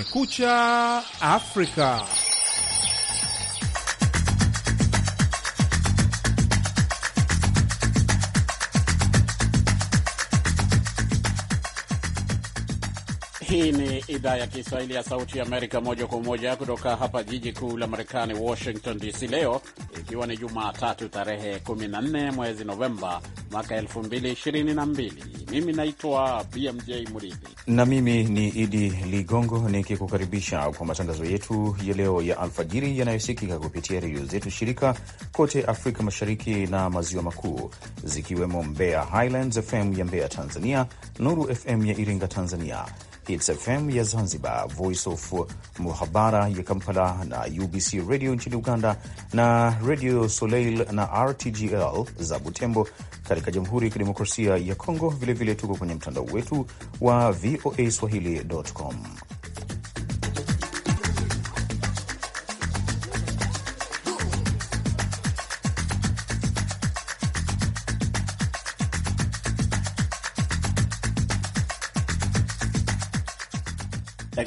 Kumekucha Afrika. Hii ni idhaa ya Kiswahili ya Sauti ya Amerika, moja kwa moja kutoka hapa jiji kuu la Marekani, Washington DC. Leo ikiwa ni Jumatatu tarehe 14 mwezi Novemba mwaka 2022. Mimi naitwa BMJ Muridhi na mimi ni Idi Ligongo nikikukaribisha kwa matangazo yetu ya leo ya alfajiri yanayosikika kupitia redio zetu shirika kote Afrika Mashariki na Maziwa Makuu, zikiwemo Mbeya Highlands FM ya Mbeya Tanzania, Nuru FM ya Iringa Tanzania, Hits FM ya Zanzibar, Voice of Muhabara ya Kampala na UBC Radio nchini Uganda na Radio Soleil na RTGL za Butembo katika Jamhuri ya Kidemokrasia ya Kongo. Vilevile tuko kwenye mtandao wetu wa voa swahili.com.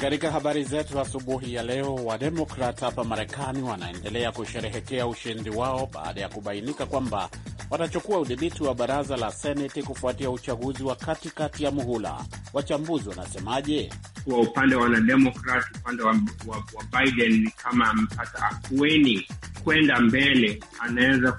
Katika habari zetu asubuhi ya leo, Wademokrat hapa Marekani wanaendelea kusherehekea ushindi wao baada ya kubainika kwamba watachukua udhibiti wa baraza la Seneti kufuatia uchaguzi wa katikati ya muhula. Wachambuzi wanasemaje? Kwa upande wa Wanademokrat, upande wa, wa, wa Biden ni kama amepata afueni kwenda mbele, anaweza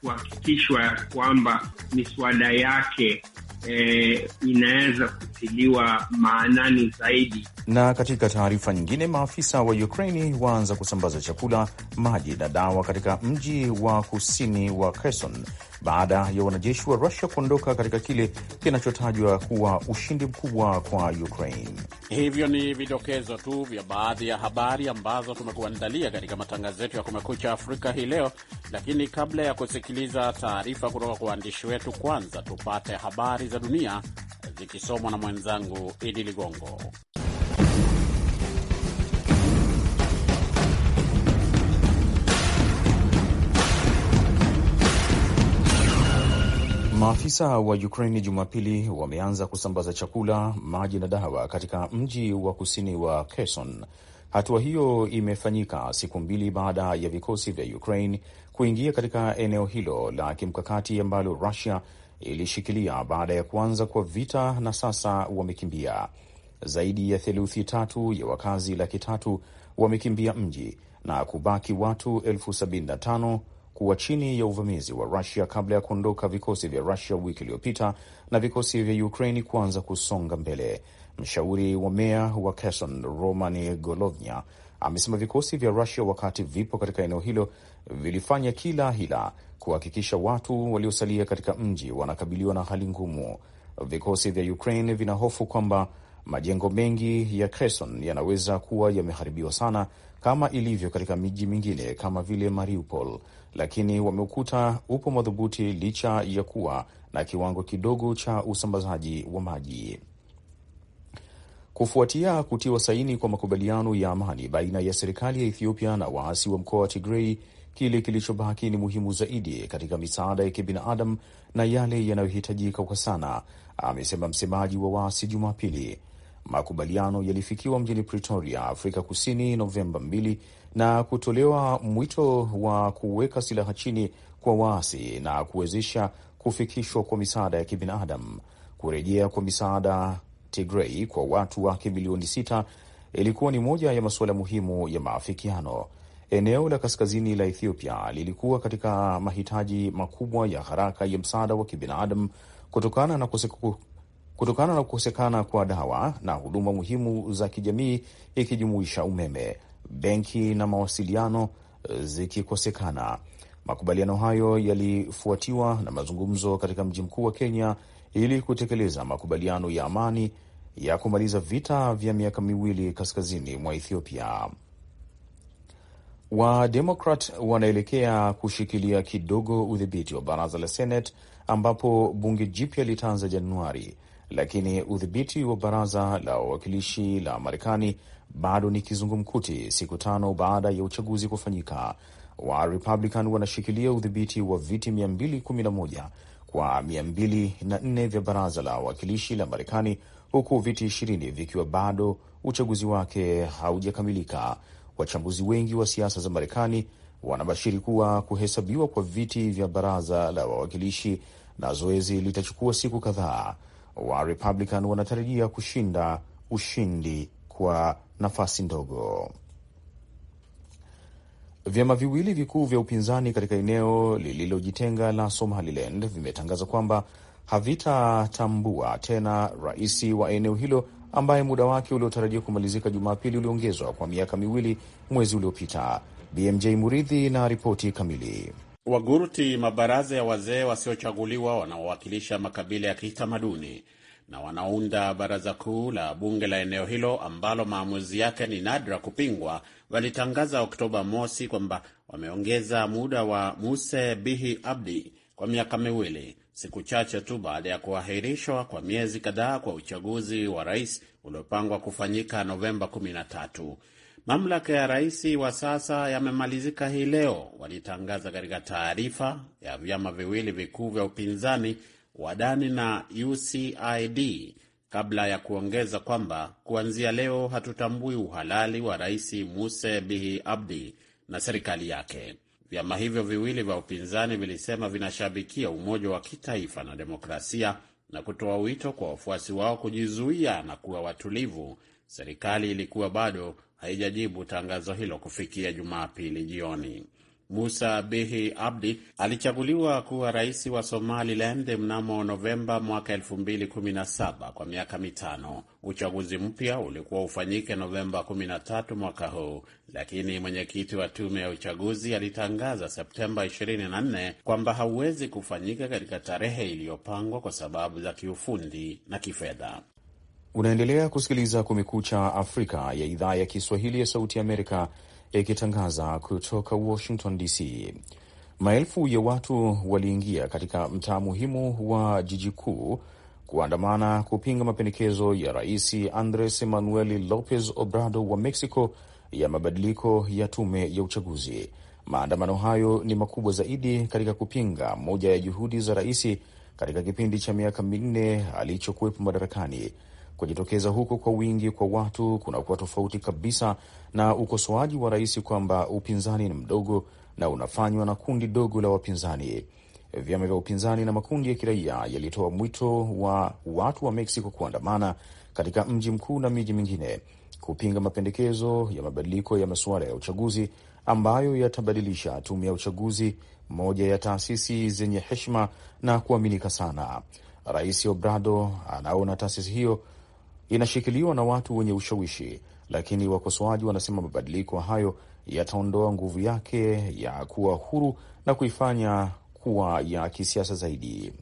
kuhakikishwa kwamba miswada yake eh, inaweza kutiliwa maanani zaidi. Na katika taarifa nyingine, maafisa wa Ukraini waanza kusambaza chakula, maji na dawa katika mji wa kusini wa Kherson baada ya wanajeshi wa Rusia kuondoka katika kile kinachotajwa kuwa ushindi mkubwa kwa Ukraine. Hivyo ni vidokezo tu vya baadhi ya habari ambazo tumekuandalia katika matangazo yetu ya Kumekucha Afrika hii leo, lakini kabla ya kusikiliza taarifa kutoka kwa waandishi wetu, kwanza tupate habari za dunia zikisomwa na mwenzangu Idi Ligongo. Maafisa wa Ukraini Jumapili wameanza kusambaza chakula, maji na dawa katika mji wa kusini wa Kherson. Hatua hiyo imefanyika siku mbili baada ya vikosi vya Ukraine kuingia katika eneo hilo la kimkakati ambalo Rusia ilishikilia baada ya kuanza kwa vita, na sasa wamekimbia. Zaidi ya theluthi tatu ya wakazi laki tatu wamekimbia mji na kubaki watu elfu sabini na tano kuwa chini ya uvamizi wa Rusia kabla ya kuondoka vikosi vya Rusia wiki iliyopita na vikosi vya Ukraini kuanza kusonga mbele. Mshauri wa meya wa Kherson Roman Golovnya amesema vikosi vya Rusia wakati vipo katika eneo hilo vilifanya kila hila kuhakikisha watu waliosalia katika mji wanakabiliwa na hali ngumu. Vikosi vya Ukraine vina hofu kwamba majengo mengi ya Kherson yanaweza kuwa yameharibiwa sana kama ilivyo katika miji mingine kama vile Mariupol lakini wameukuta upo madhubuti licha ya kuwa na kiwango kidogo cha usambazaji wa maji. Kufuatia kutiwa saini kwa makubaliano ya amani baina ya serikali ya Ethiopia na waasi wa mkoa wa Tigrei, kile kilichobaki ni muhimu zaidi katika misaada ya kibinadamu na yale yanayohitajika kwa sana, amesema msemaji wa waasi Jumapili. Makubaliano yalifikiwa mjini Pretoria, Afrika Kusini, Novemba 2 na kutolewa mwito wa kuweka silaha chini kwa waasi na kuwezesha kufikishwa kwa misaada ya kibinadamu. Kurejea kwa misaada Tigrei kwa watu wake milioni sita ilikuwa ni moja ya masuala muhimu ya maafikiano. Eneo la kaskazini la Ethiopia lilikuwa katika mahitaji makubwa ya haraka ya msaada wa kibinadamu kutokana na kutokana na kukosekana kwa dawa na huduma muhimu za kijamii ikijumuisha umeme, benki na mawasiliano eh, zikikosekana. Makubaliano hayo yalifuatiwa na mazungumzo katika mji mkuu wa Kenya ili kutekeleza makubaliano ya amani ya kumaliza vita vya miaka miwili kaskazini mwa Ethiopia. Wademokrat wanaelekea kushikilia kidogo udhibiti wa baraza la Senate ambapo bunge jipya litaanza Januari, lakini udhibiti wa baraza la wawakilishi la Marekani bado ni kizungumkuti, siku tano baada ya uchaguzi kufanyika. Wa Republican wanashikilia udhibiti wa viti 211 kwa 204 vya baraza la wawakilishi la Marekani, huku viti 20 vikiwa bado uchaguzi wake haujakamilika. Wachambuzi wengi wa siasa za Marekani wanabashiri kuwa kuhesabiwa kwa viti vya baraza la wawakilishi na zoezi litachukua siku kadhaa wa Republican wanatarajia kushinda ushindi kwa nafasi ndogo. Vyama viwili vikuu vya upinzani katika eneo lililojitenga la Somaliland vimetangaza kwamba havitatambua tena rais wa eneo hilo ambaye muda wake uliotarajiwa kumalizika Jumapili uliongezwa kwa miaka miwili mwezi uliopita. BMJ Muridhi na ripoti kamili. Waguruti, mabaraza ya wazee wasiochaguliwa wanaowakilisha makabila ya kitamaduni na wanaunda baraza kuu la bunge la eneo hilo ambalo maamuzi yake ni nadra kupingwa, walitangaza Oktoba mosi kwamba wameongeza muda wa Muse Bihi Abdi kwa miaka miwili, siku chache tu baada ya kuahirishwa kwa miezi kadhaa kwa uchaguzi wa rais uliopangwa kufanyika Novemba 13. Mamlaka ya rais wa sasa yamemalizika hii leo, walitangaza katika taarifa ya vyama viwili vikuu vya upinzani Wadani na UCID, kabla ya kuongeza kwamba kuanzia leo hatutambui uhalali wa rais Muse Bihi Abdi na serikali yake. Vyama hivyo viwili vya upinzani vilisema vinashabikia umoja wa kitaifa na demokrasia na kutoa wito kwa wafuasi wao kujizuia na kuwa watulivu. Serikali ilikuwa bado haijajibu tangazo hilo kufikia Jumapili jioni. Musa Bihi Abdi alichaguliwa kuwa rais wa Somaliland mnamo Novemba mwaka 2017 kwa miaka mitano. Uchaguzi mpya ulikuwa ufanyike Novemba 13 mwaka huu, lakini mwenyekiti wa tume ya uchaguzi alitangaza Septemba 24 kwamba hauwezi kufanyika katika tarehe iliyopangwa kwa sababu za kiufundi na kifedha. Unaendelea kusikiliza Kumekucha Afrika ya idhaa ya Kiswahili ya Sauti Amerika ikitangaza kutoka Washington DC. Maelfu ya watu waliingia katika mtaa muhimu wa jiji kuu kuandamana kupinga mapendekezo ya Rais Andres Manuel Lopez Obrador wa Mexico ya mabadiliko ya tume ya uchaguzi. Maandamano hayo ni makubwa zaidi katika kupinga moja ya juhudi za rais katika kipindi cha miaka minne alichokuwepo madarakani. Kujitokeza huko kwa wingi kwa watu kunakuwa tofauti kabisa na ukosoaji wa rais kwamba upinzani ni mdogo na unafanywa na kundi dogo la wapinzani. Vyama vya upinzani na makundi ya kiraia yalitoa mwito wa watu wa Mexico kuandamana katika mji mkuu na miji mingine kupinga mapendekezo ya mabadiliko ya masuala ya uchaguzi ambayo yatabadilisha tume ya uchaguzi, moja ya taasisi zenye heshima na kuaminika sana. Rais Obrador anaona taasisi hiyo inashikiliwa na watu wenye ushawishi, lakini wakosoaji wanasema mabadiliko hayo yataondoa nguvu yake ya kuwa huru na kuifanya kuwa ya kisiasa zaidi.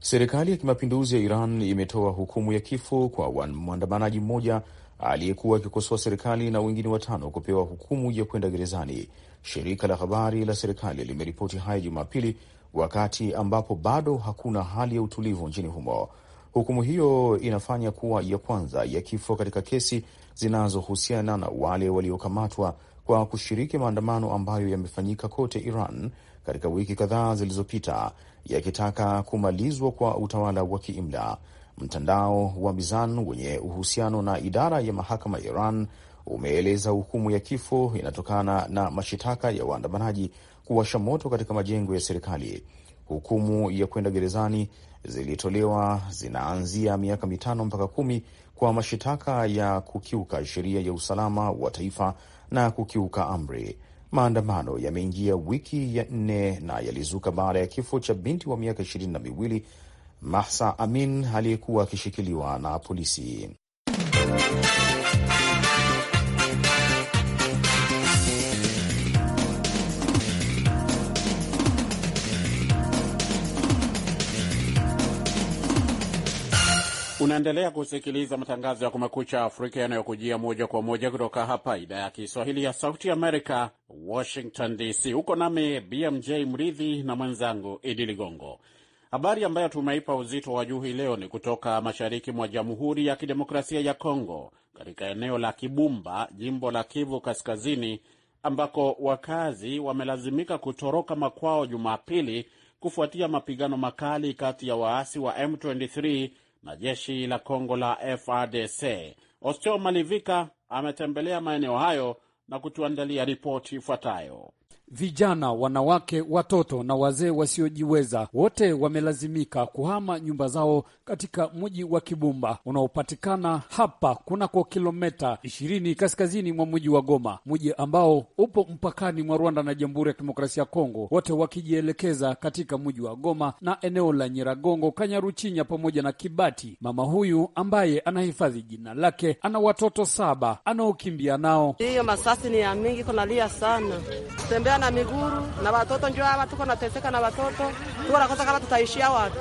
Serikali ya kimapinduzi ya Iran imetoa hukumu ya kifo kwa mwandamanaji mmoja aliyekuwa akikosoa serikali na wengine watano kupewa hukumu ya kwenda gerezani. Shirika la habari la serikali limeripoti haya Jumapili, wakati ambapo bado hakuna hali ya utulivu nchini humo. Hukumu hiyo inafanya kuwa ya kwanza ya kifo katika kesi zinazohusiana na wale waliokamatwa kwa kushiriki maandamano ambayo yamefanyika kote Iran katika wiki kadhaa zilizopita yakitaka kumalizwa kwa utawala wa kiimla. Mtandao wa Mizan wenye uhusiano na idara ya mahakama ya Iran umeeleza hukumu ya kifo inatokana na mashitaka ya waandamanaji kuwasha moto katika majengo ya serikali. Hukumu ya kwenda gerezani zilitolewa zinaanzia miaka mitano mpaka kumi kwa mashitaka ya kukiuka sheria ya usalama wa taifa na kukiuka amri. Maandamano yameingia wiki ya nne na yalizuka baada ya kifo cha binti wa miaka ishirini na miwili Mahsa Amin aliyekuwa akishikiliwa na polisi. Unaendelea kusikiliza matangazo ya Kumekucha Afrika yanayokujia moja kwa moja kutoka hapa idhaa ya Kiswahili ya Sauti Amerika, Washington DC. Huko nami BMJ Mridhi na mwenzangu Idi Ligongo. Habari ambayo tumeipa uzito wa juu hii leo ni kutoka mashariki mwa Jamhuri ya Kidemokrasia ya Kongo, katika eneo la Kibumba, jimbo la Kivu Kaskazini, ambako wakazi wamelazimika kutoroka makwao Jumapili kufuatia mapigano makali kati ya waasi wa M23 na jeshi la Kongo la frdc Osteo Malivika ametembelea maeneo hayo na kutuandalia ripoti ifuatayo. Vijana, wanawake, watoto na wazee wasiojiweza wote wamelazimika kuhama nyumba zao katika mji wa Kibumba unaopatikana hapa kunako kilometa ishirini kaskazini mwa mji wa Goma, mji ambao upo mpakani mwa Rwanda na Jamhuri ya Kidemokrasia ya Kongo, wote wakijielekeza katika mji wa Goma na eneo la Nyiragongo, Kanyaruchinya pamoja na Kibati. Mama huyu ambaye anahifadhi jina lake ana watoto saba anaokimbia nao. Hiyo masasi ni ya mingi, kunalia sana tembea na miguru na watoto, njoo hapa tuko na teseka na watoto, tuko na kosa kama tutaishia wapi?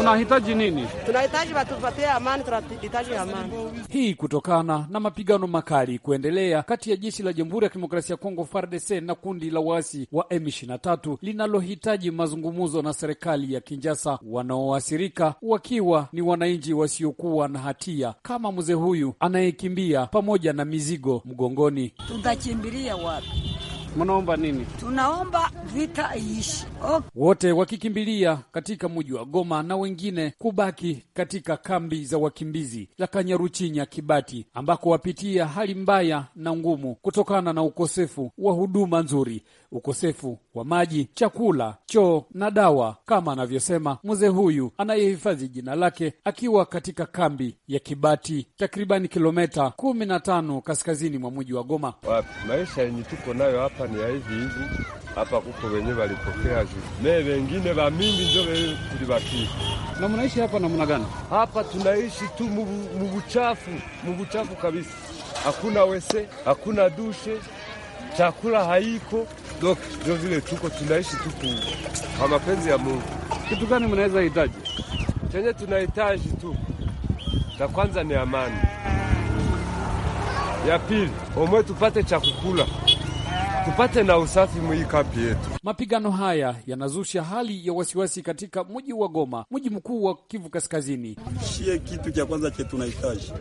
Mnahitaji nini? Tunahitaji watupatie amani, tunahitaji amani hii kutokana na mapigano makali kuendelea kati ya jeshi la Jamhuri ya Kidemokrasia ya Kongo FARDC na kundi la waasi wa M23 linalohitaji mazungumzo na serikali ya Kinjasa, wanaoathirika wakiwa ni wananchi wasiokuwa na hatia kama mzee huyu anayekimbia pamoja na mizigo mgongoni. Tutakimbilia wapi? Mnaomba nini? Tunaomba vita iishi. Okay. Wote wakikimbilia katika mji wa Goma na wengine kubaki katika kambi za wakimbizi la Kanyaruchinya, Kibati, ambako wapitia hali mbaya na ngumu kutokana na ukosefu wa huduma nzuri, ukosefu wa maji, chakula, choo na dawa, kama anavyosema mzee huyu anayehifadhi jina lake akiwa katika kambi ya Kibati, takribani kilometa kumi na tano kaskazini mwa mji wa Goma. Maisha yenye tuko nayo hapa hapa ni ya hivi hivi hapa kuko wenye walipokea juu me wengine wa mingi ndio tulibakia. Na mnaishi hapa namna gani? Hapa tunaishi tu mubuchafu, mubuchafu kabisa. Hakuna wese, hakuna dushe, chakula haiko, donc ndio vile tuko tunaishi tu kwa mapenzi ya Mungu. Kitu gani mnaweza hitaji? Chenye tunahitaji tu cha kwanza ni amani, ya pili omwe tupate cha kukula tupate na usafi mwikapi yetu. Mapigano haya yanazusha hali ya wasiwasi katika mji wa Goma, mji mkuu wa Kivu Kaskazini. Shie kitu cha kwanza che tunahitaji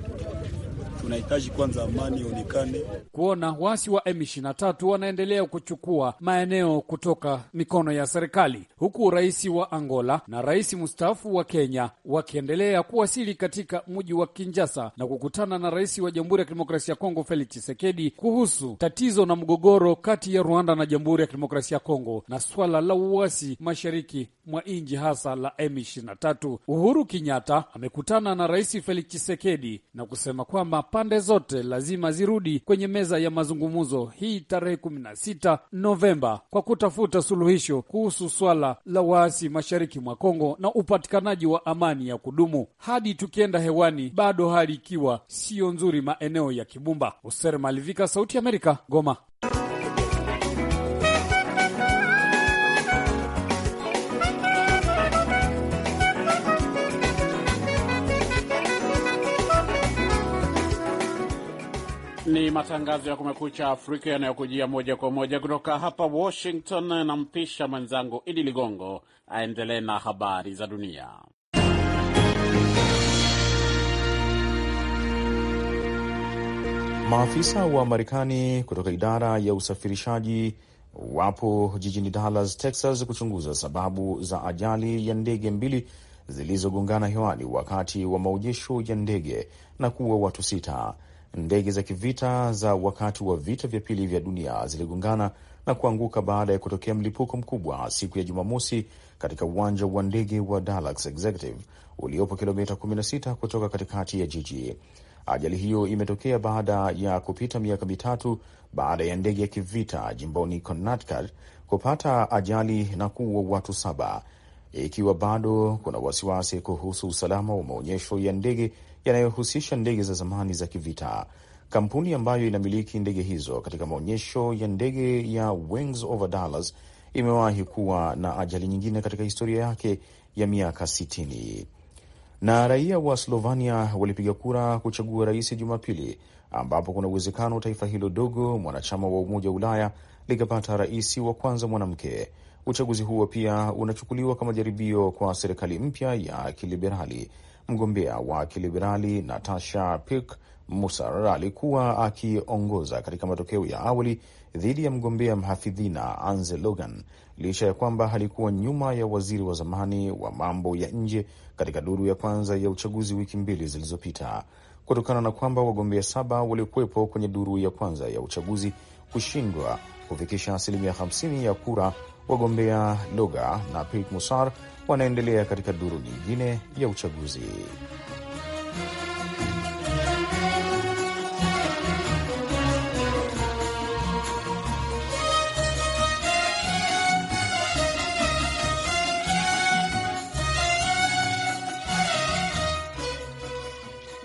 tunahitaji kwanza amani ionekane. Kuona waasi wa M23 wanaendelea kuchukua maeneo kutoka mikono ya serikali, huku rais wa Angola na rais mstaafu wa Kenya wakiendelea kuwasili katika mji wa Kinjasa na kukutana na rais wa Jamhuri ya Kidemokrasia ya Kongo Felix Tshisekedi kuhusu tatizo na mgogoro kati ya Rwanda na Jamhuri ya Kidemokrasia ya Kongo na swala la uasi mashariki mwa nji hasa la M23. Uhuru Kenyatta amekutana na rais Felix Tshisekedi na kusema kwamba pande zote lazima zirudi kwenye meza ya mazungumzo hii tarehe 16 Novemba kwa kutafuta suluhisho kuhusu swala la waasi mashariki mwa Kongo na upatikanaji wa amani ya kudumu. Hadi tukienda hewani, bado hali ikiwa siyo nzuri maeneo ya Kibumba. Hoser Malivika, Sauti ya Amerika, Goma. Ni matangazo ya Kumekucha Afrika yanayokujia moja kwa moja kutoka hapa Washington. Nampisha mwenzangu Idi Ligongo aendelee na habari za dunia. Maafisa wa Marekani kutoka idara ya usafirishaji wapo jijini Dallas, Texas, kuchunguza sababu za ajali ya ndege mbili zilizogongana hewani wakati wa maonyesho ya ndege na kuwa watu sita. Ndege za kivita za wakati wa vita vya pili vya dunia ziligongana na kuanguka baada ya kutokea mlipuko mkubwa siku ya Jumamosi katika uwanja wa ndege wa Dallas Executive uliopo kilomita 16 kutoka katikati ya jiji. Ajali hiyo imetokea baada ya kupita miaka mitatu baada ya ndege ya kivita jimboni Connecticut kupata ajali na kuua watu saba, ikiwa bado kuna wasiwasi kuhusu usalama wa maonyesho ya ndege yanayohusisha ndege za zamani za kivita. Kampuni ambayo inamiliki ndege hizo katika maonyesho ya ndege ya Wings Over Dallas imewahi kuwa na ajali nyingine katika historia yake ya miaka 60. Na raia wa Slovenia walipiga kura kuchagua rais Jumapili, ambapo kuna uwezekano taifa hilo dogo mwanachama wa Umoja wa Ulaya likapata rais wa kwanza mwanamke. Uchaguzi huo pia unachukuliwa kama jaribio kwa serikali mpya ya kiliberali Mgombea wa kiliberali Natasha Pirk Musar alikuwa akiongoza katika matokeo ya awali dhidi ya mgombea mhafidhina Anze Logan licha ya kwamba alikuwa nyuma ya waziri wa zamani wa mambo ya nje katika duru ya kwanza ya uchaguzi wiki mbili zilizopita. Kutokana na kwamba wagombea saba waliokuwepo kwenye duru ya kwanza ya uchaguzi kushindwa kufikisha asilimia 50 ya kura, wagombea Loga na Pik Musar wanaendelea katika duru nyingine ya uchaguzi.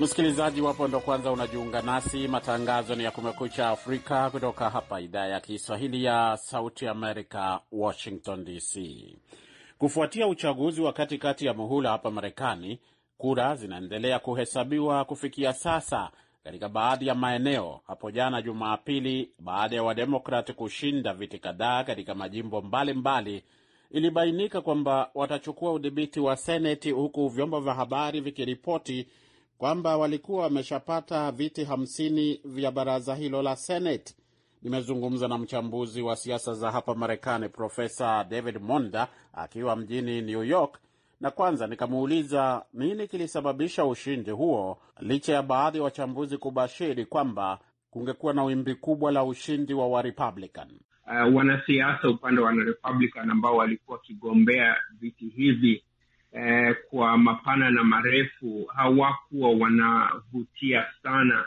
Msikilizaji wapo ndo kwanza unajiunga nasi, matangazo ni ya Kumekucha Afrika kutoka hapa idhaa ya Kiswahili ya Sauti Amerika, Washington DC. Kufuatia uchaguzi wa katikati ya muhula hapa Marekani, kura zinaendelea kuhesabiwa kufikia sasa katika baadhi ya maeneo. Hapo jana Jumapili, baada ya Wademokrat kushinda viti kadhaa katika majimbo mbalimbali mbali, ilibainika kwamba watachukua udhibiti wa Seneti, huku vyombo vya habari vikiripoti kwamba walikuwa wameshapata viti 50 vya baraza hilo la Seneti nimezungumza na mchambuzi wa siasa za hapa Marekani, Profesa David Monda akiwa mjini New York, na kwanza nikamuuliza nini kilisababisha ushindi huo licha ya baadhi ya wa wachambuzi kubashiri kwamba kungekuwa na wimbi kubwa la ushindi wa Warepublican. Uh, wanasiasa upande wa Wanarepublican ambao walikuwa wakigombea viti hivi eh, kwa mapana na marefu hawakuwa wanavutia sana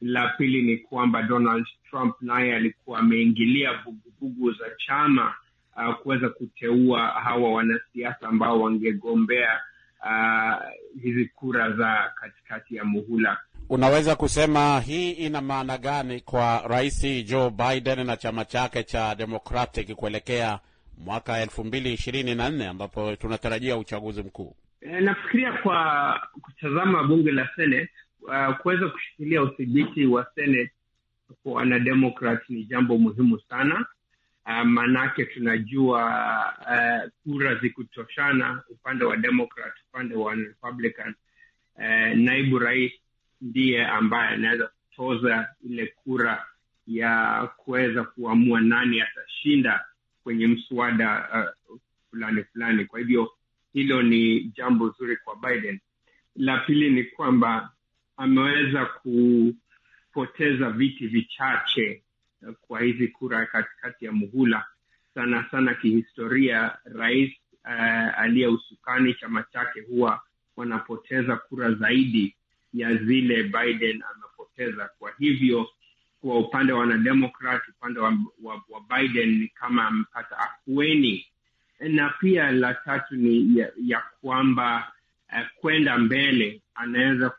la pili ni kwamba Donald Trump naye alikuwa ameingilia vuguvugu za chama uh, kuweza kuteua hawa wanasiasa ambao wangegombea uh, hizi kura za katikati ya muhula. Unaweza kusema hii ina maana gani kwa Rais Joe Biden na chama chake cha Democratic kuelekea mwaka elfu mbili ishirini na nne ambapo tunatarajia uchaguzi mkuu? E, nafikiria kwa kutazama bunge la Senate uh, kuweza kushikilia udhibiti wa Senate kwa wanademokrat ni jambo muhimu sana. Uh, maanake tunajua uh, kura zikutoshana upande wa demokrat upande wa Republican, uh, naibu rais ndiye ambaye anaweza kutoza ile kura ya kuweza kuamua nani atashinda kwenye mswada uh, fulani fulani. Kwa hivyo hilo ni jambo zuri kwa Biden. La pili ni kwamba ameweza kupoteza viti vichache kwa hizi kura katikati ya muhula. Sana sana kihistoria, rais uh, aliye usukani, chama chake huwa wanapoteza kura zaidi ya zile Biden amepoteza. Kwa hivyo kwa upande wa wanademokrat, upande wa, wa, wa Biden ni kama amepata afueni, na pia la tatu ni ya, ya kwamba Eh, kwenda mbele anaweza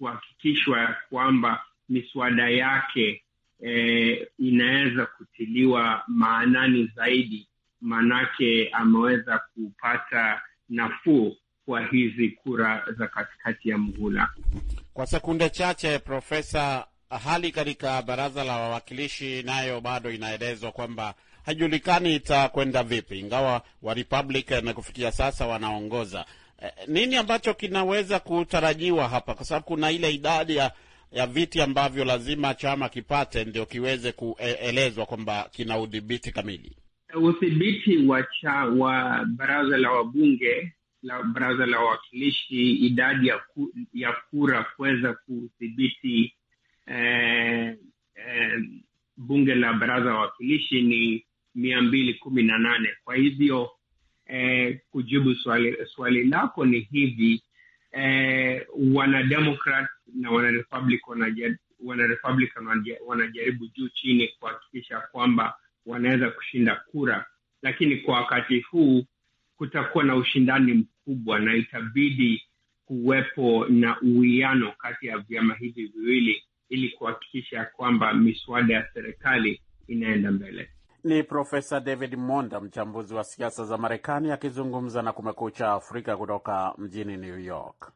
kuhakikishwa kwamba miswada yake eh, inaweza kutiliwa maanani zaidi, maanake ameweza kupata nafuu kwa hizi kura za katikati ya mhula. Kwa sekunde chache, Profesa, hali katika baraza la wawakilishi nayo bado inaelezwa kwamba haijulikani itakwenda vipi, ingawa wa Republican kufikia sasa wanaongoza Eh, eh, nini ambacho kinaweza kutarajiwa hapa, kwa sababu kuna ile idadi ya ya viti ambavyo lazima chama kipate ndio kiweze kuelezwa kwamba kina udhibiti kamili. Eh, udhibiti wa, wa baraza la wabunge la baraza la wawakilishi, idadi ya, ku, ya kura kuweza kudhibiti eh, eh, bunge la baraza la wawakilishi ni mia mbili kumi na nane. Kwa hivyo eh, kujibu swali, swali lako ni hivi eh, wanademokrat na wanarepublican wanarepublican wanajaribu juu chini kuhakikisha kwamba wanaweza kushinda kura, lakini kwa wakati huu kutakuwa na ushindani mkubwa na itabidi kuwepo na uwiano kati ya vyama hivi viwili ili kuhakikisha kwamba miswada ya serikali inaenda mbele. Ni Profesa David Monda, mchambuzi wa siasa za Marekani, akizungumza na Kumekucha Afrika kutoka mjini New York.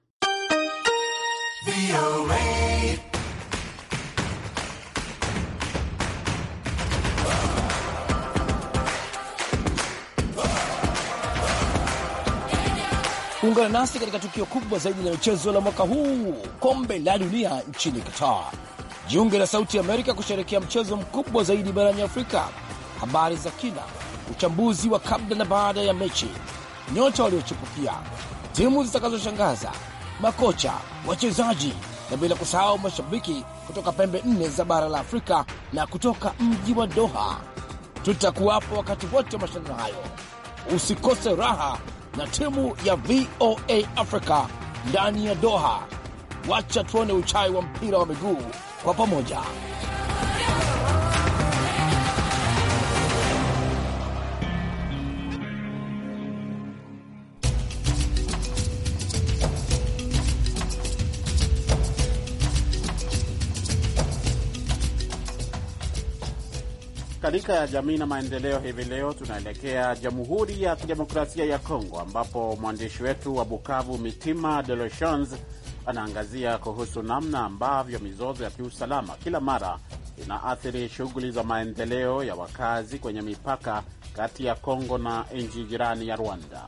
Kuungana nasi katika tukio kubwa zaidi la michezo la mwaka huu, kombe la dunia nchini Qatar. Jiunge na Sauti ya Amerika kusherekea mchezo mkubwa zaidi barani Afrika habari za kina, uchambuzi wa kabla na baada ya mechi, nyota waliochipukia, timu zitakazoshangaza, makocha, wachezaji na bila kusahau mashabiki kutoka pembe nne za bara la Afrika na kutoka mji wa Doha. Tutakuwapo wakati wote wa mashindano hayo. Usikose raha na timu ya VOA Africa ndani ya Doha. Wacha tuone uchai wa mpira wa miguu kwa pamoja. Katika jamii na maendeleo hivi leo, tunaelekea Jamhuri ya Kidemokrasia ya Kongo, ambapo mwandishi wetu wa Bukavu Mitima De Lechans anaangazia kuhusu namna ambavyo mizozo ya kiusalama kila mara inaathiri shughuli za maendeleo ya wakazi kwenye mipaka kati ya Kongo na nchi jirani ya Rwanda.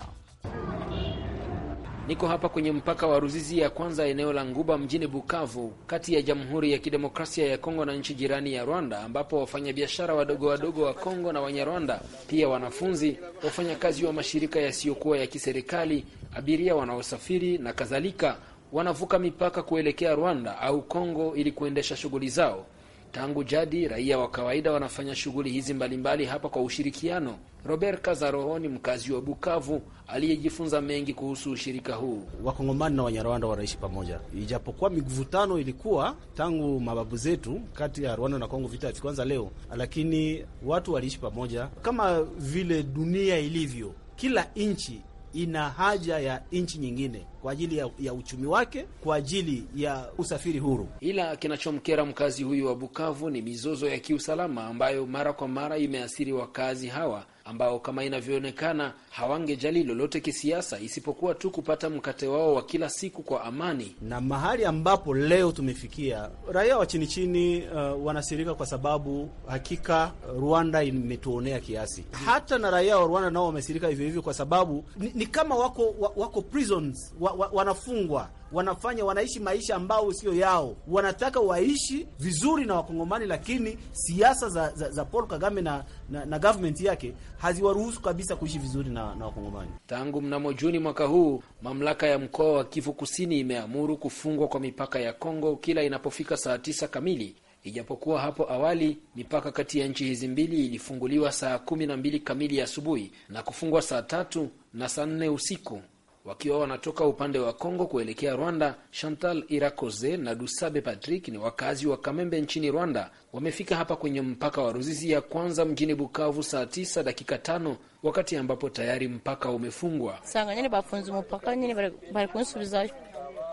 Niko hapa kwenye mpaka wa Ruzizi ya kwanza eneo la Nguba mjini Bukavu, kati ya Jamhuri ya Kidemokrasia ya Kongo na nchi jirani ya Rwanda, ambapo wafanyabiashara wadogo wadogo wa Kongo na Wanyarwanda, pia wanafunzi, wafanyakazi wa mashirika yasiyokuwa ya kiserikali, abiria wanaosafiri na kadhalika, wanavuka mipaka kuelekea Rwanda au Kongo ili kuendesha shughuli zao. Tangu jadi, raia wa kawaida wanafanya shughuli hizi mbalimbali hapa kwa ushirikiano Robert Kazarohoni, mkazi wa Bukavu, aliyejifunza mengi kuhusu ushirika huu. Wakongomani na Wanyarwanda wanaishi pamoja, ijapokuwa mivutano ilikuwa tangu mababu zetu kati ya Rwanda na Kongo, vita kwanza leo, lakini watu waliishi pamoja kama vile dunia ilivyo. Kila nchi ina haja ya nchi nyingine kwa ajili ya, ya uchumi wake, kwa ajili ya usafiri huru. Ila kinachomkera mkazi huyu wa Bukavu ni mizozo ya kiusalama ambayo mara kwa mara imeathiri wakazi hawa ambao kama inavyoonekana hawangejali lolote kisiasa isipokuwa tu kupata mkate wao wa kila siku kwa amani. Na mahali ambapo leo tumefikia, raia wa chini chini uh, wanasirika kwa sababu hakika uh, Rwanda imetuonea kiasi. Hata na raia wa Rwanda nao wamesirika hivyo hivyo kwa sababu ni, ni kama wako, wako prisons wa, wa, wanafungwa wanafanya wanaishi maisha ambao sio yao. Wanataka waishi vizuri na Wakongomani, lakini siasa za, za, za Paul Kagame na, na, na government yake haziwaruhusu kabisa kuishi vizuri na, na Wakongomani. Tangu mnamo Juni mwaka huu, mamlaka ya mkoa wa Kivu Kusini imeamuru kufungwa kwa mipaka ya Kongo kila inapofika saa tisa kamili. Ijapokuwa hapo awali mipaka kati ya nchi hizi mbili ilifunguliwa saa kumi na mbili kamili asubuhi na kufungwa saa tatu na saa nne usiku wakiwa wanatoka upande wa Kongo kuelekea Rwanda. Chantal Irakoze na Dusabe Patrick ni wakazi wa Kamembe nchini Rwanda. Wamefika hapa kwenye mpaka wa Ruzizi ya kwanza mjini Bukavu saa tisa dakika tano wakati ambapo tayari mpaka umefungwa. sanganyani bafunze mupaka nyine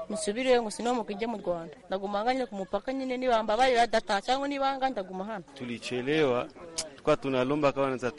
musubire sino mukije mu Rwanda ku mupaka nyine data cyangwa nibanga ndaguma hano tulichelewa tukwa tunalomba kawanza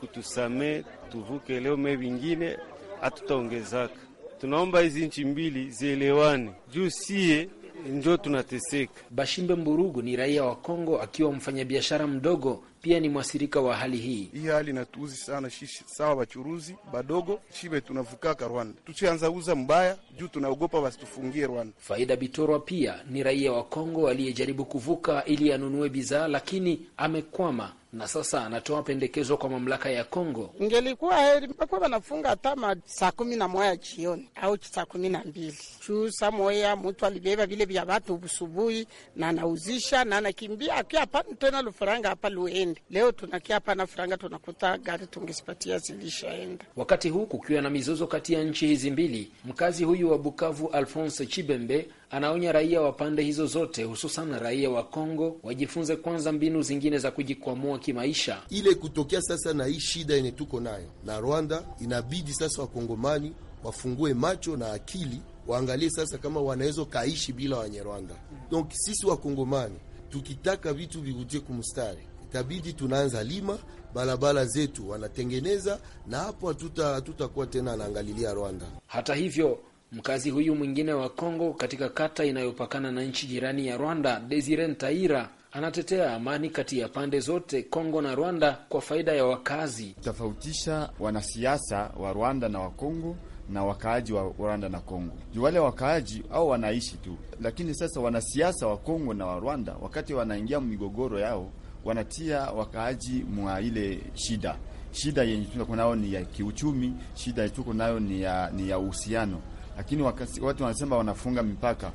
kutusame tuvuke leo me vingine hatutaongezaka. Tunaomba hizi nchi mbili zielewane juu sie njo tunateseka. Bashimbe Mburugu ni raia wa Kongo, akiwa mfanyabiashara mdogo, pia ni mwasirika wa hali hii. Hii hali inatuuzi sana shishi, sawa bachuruzi badogo shibe tunavukaka Rwanda, tuchianza uza mbaya juu tunaogopa wasitufungie Rwanda. Faida Bitorwa pia ni raia wa Kongo aliyejaribu kuvuka ili anunue bidhaa, lakini amekwama na sasa anatoa pendekezo kwa mamlaka ya Kongo. Ingelikuwa heri mpaka wanafunga hata saa kumi na moya jioni au saa kumi na mbili juu saa moya mtu alibeba vile vya watu usubuhi na anauzisha na anakimbia akia hapana tena lufuranga hapa luende leo tunakia hapana furanga tunakuta gari tungesipatia zilishaenda. Wakati huu kukiwa na mizozo kati ya nchi hizi mbili, mkazi huyu wa Bukavu Alphonse Chibembe Anaonya raia wa pande hizo zote, hususan raia wa Kongo wajifunze kwanza mbinu zingine za kujikwamua kimaisha. Ile kutokea sasa na hii shida yenye tuko nayo na Rwanda, inabidi sasa wakongomani wafungue macho na akili, waangalie sasa kama wanaweza kaishi bila Wanyarwanda. Donc sisi wakongomani tukitaka vitu vivutie kumstari itabidi tunaanza lima barabara zetu wanatengeneza, na hapo hatutakuwa tena anaangalilia Rwanda. Hata hivyo Mkazi huyu mwingine wa Kongo katika kata inayopakana na nchi jirani ya Rwanda, Desire Ntaira anatetea amani kati ya pande zote Kongo na Rwanda kwa faida ya wakazi. Tofautisha wanasiasa wa Rwanda na wa Kongo na wakaaji wa Rwanda na Kongo juu wale wakaaji au wanaishi tu, lakini sasa wanasiasa wa Kongo na wa Rwanda wakati wanaingia migogoro yao wanatia wakaaji mwa ile shida. Shida yenye tuko nayo ni ya kiuchumi, shida tuko nayo ni ya uhusiano lakini wakasi, watu wanasema wanafunga mipaka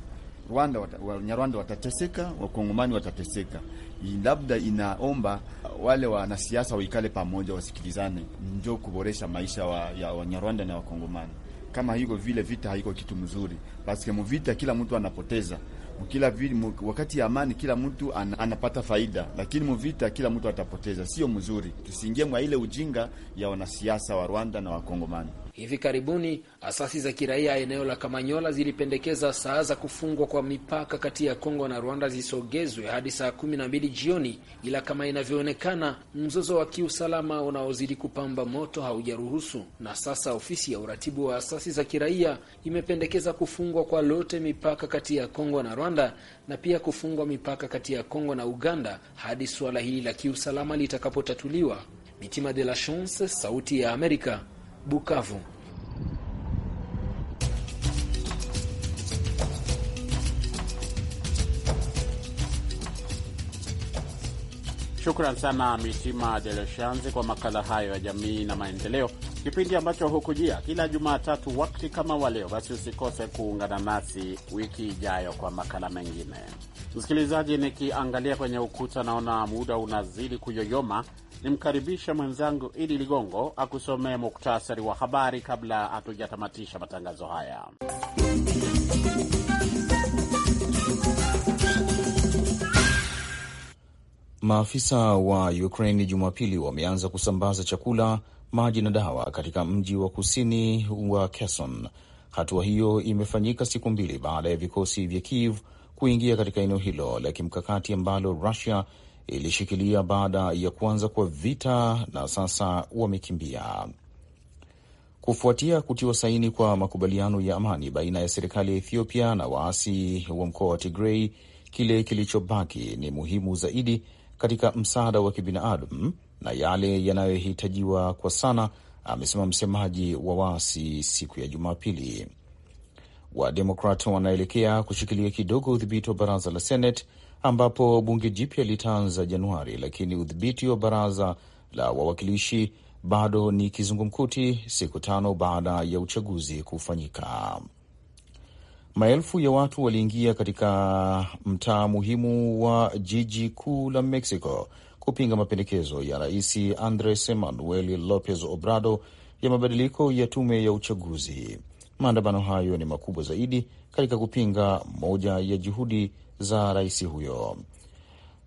Rwanda, Wanyarwanda watateseka, Wakongomani watateseka. Labda inaomba wale wanasiasa waikale pamoja, wasikilizane, njo kuboresha maisha wa, ya Wanyarwanda na Wakongomani. Kama hiko vile vita haiko kitu mzuri, paske muvita kila mtu anapoteza kila vile. Wakati ya amani kila mtu an, anapata faida, lakini muvita kila mtu atapoteza, sio mzuri. Tusiingie mwa ile ujinga ya wanasiasa wa Rwanda na Wakongomani. Hivi karibuni asasi za kiraia eneo la Kamanyola zilipendekeza saa za kufungwa kwa mipaka kati ya Kongo na Rwanda zisogezwe hadi saa kumi na mbili jioni, ila kama inavyoonekana mzozo wa kiusalama unaozidi kupamba moto haujaruhusu. Na sasa ofisi ya uratibu wa asasi za kiraia imependekeza kufungwa kwa lote mipaka kati ya Kongo na Rwanda na pia kufungwa mipaka kati ya Kongo na Uganda hadi suala hili la kiusalama litakapotatuliwa. Mitima de la Chance, Sauti ya Amerika, Bukavu. Shukran sana Mitima De kwa makala hayo ya jamii na maendeleo, kipindi ambacho hukujia kila Jumatatu wakati kama wa leo. Basi usikose kuungana nasi wiki ijayo kwa makala mengine. Msikilizaji, nikiangalia kwenye ukuta naona muda unazidi kuyoyoma nimkaribisha mwenzangu Idi Ligongo akusomee muktasari wa habari kabla hatujatamatisha matangazo haya. Maafisa wa Ukraini Jumapili wameanza kusambaza chakula, maji na dawa katika mji wa kusini wa Kherson. Hatua hiyo imefanyika siku mbili baada ya vikosi vya Kiev kuingia katika eneo hilo la kimkakati ambalo Rusia ilishikilia baada ya kuanza kwa vita na sasa wamekimbia. Kufuatia kutiwa saini kwa makubaliano ya amani baina ya serikali ya Ethiopia na waasi wa mkoa wa Tigrei, kile kilichobaki ni muhimu zaidi katika msaada wa kibinadamu na yale yanayohitajiwa kwa sana, amesema msemaji wa waasi siku ya Jumapili. Wademokrat wanaelekea kushikilia kidogo udhibiti wa baraza la Senate ambapo bunge jipya litaanza Januari, lakini udhibiti wa baraza la wawakilishi bado ni kizungumkuti, siku tano baada ya uchaguzi kufanyika. Maelfu ya watu waliingia katika mtaa muhimu wa jiji kuu la Mexico kupinga mapendekezo ya Rais Andres Manuel Lopez Obrador ya mabadiliko ya tume ya uchaguzi. Maandamano hayo ni makubwa zaidi katika kupinga moja ya juhudi za rais huyo.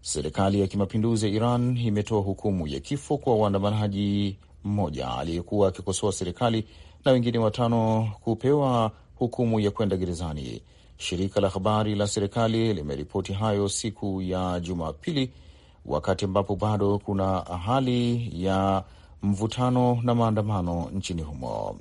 Serikali ya kimapinduzi ya Iran imetoa hukumu ya kifo kwa waandamanaji mmoja aliyekuwa akikosoa serikali na wengine watano kupewa hukumu ya kwenda gerezani. Shirika la habari la serikali limeripoti hayo siku ya Jumapili, wakati ambapo bado kuna hali ya mvutano na maandamano nchini humo.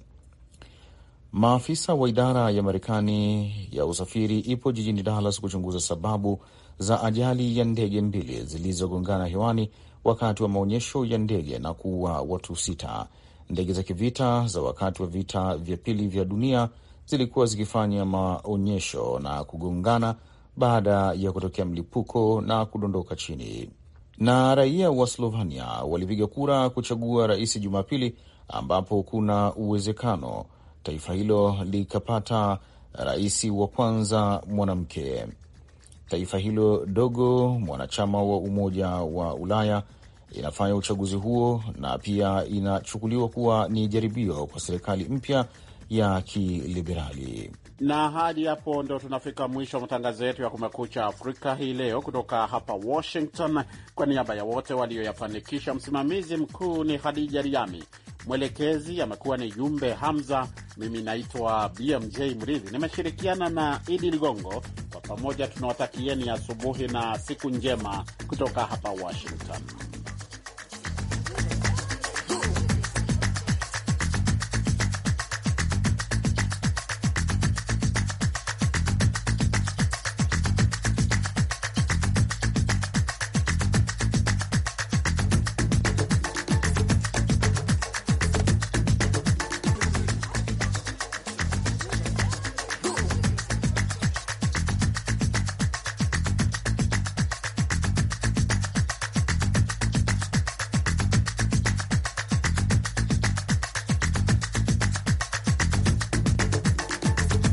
Maafisa wa idara ya Marekani ya usafiri ipo jijini Dallas kuchunguza sababu za ajali ya ndege mbili zilizogongana hewani wakati wa maonyesho ya ndege na kuua watu sita. Ndege za kivita za wakati wa vita vya pili vya dunia zilikuwa zikifanya maonyesho na kugongana baada ya kutokea mlipuko na kudondoka chini. Na raia wa Slovenia walipiga kura kuchagua rais Jumapili, ambapo kuna uwezekano taifa hilo likapata rais wa kwanza mwanamke. Taifa hilo dogo, mwanachama wa Umoja wa Ulaya, inafanya uchaguzi huo na pia inachukuliwa kuwa ni jaribio kwa serikali mpya ya kiliberali. Na hadi hapo ndo tunafika mwisho wa matangazo yetu ya Kumekucha Afrika hii leo, kutoka hapa Washington. Kwa niaba ya wote walioyafanikisha, msimamizi mkuu ni Hadija Riami. Mwelekezi amekuwa ni Jumbe Hamza. Mimi naitwa BMJ Mridhi, nimeshirikiana na Idi Ligongo. Kwa pamoja tunawatakieni asubuhi na siku njema kutoka hapa Washington.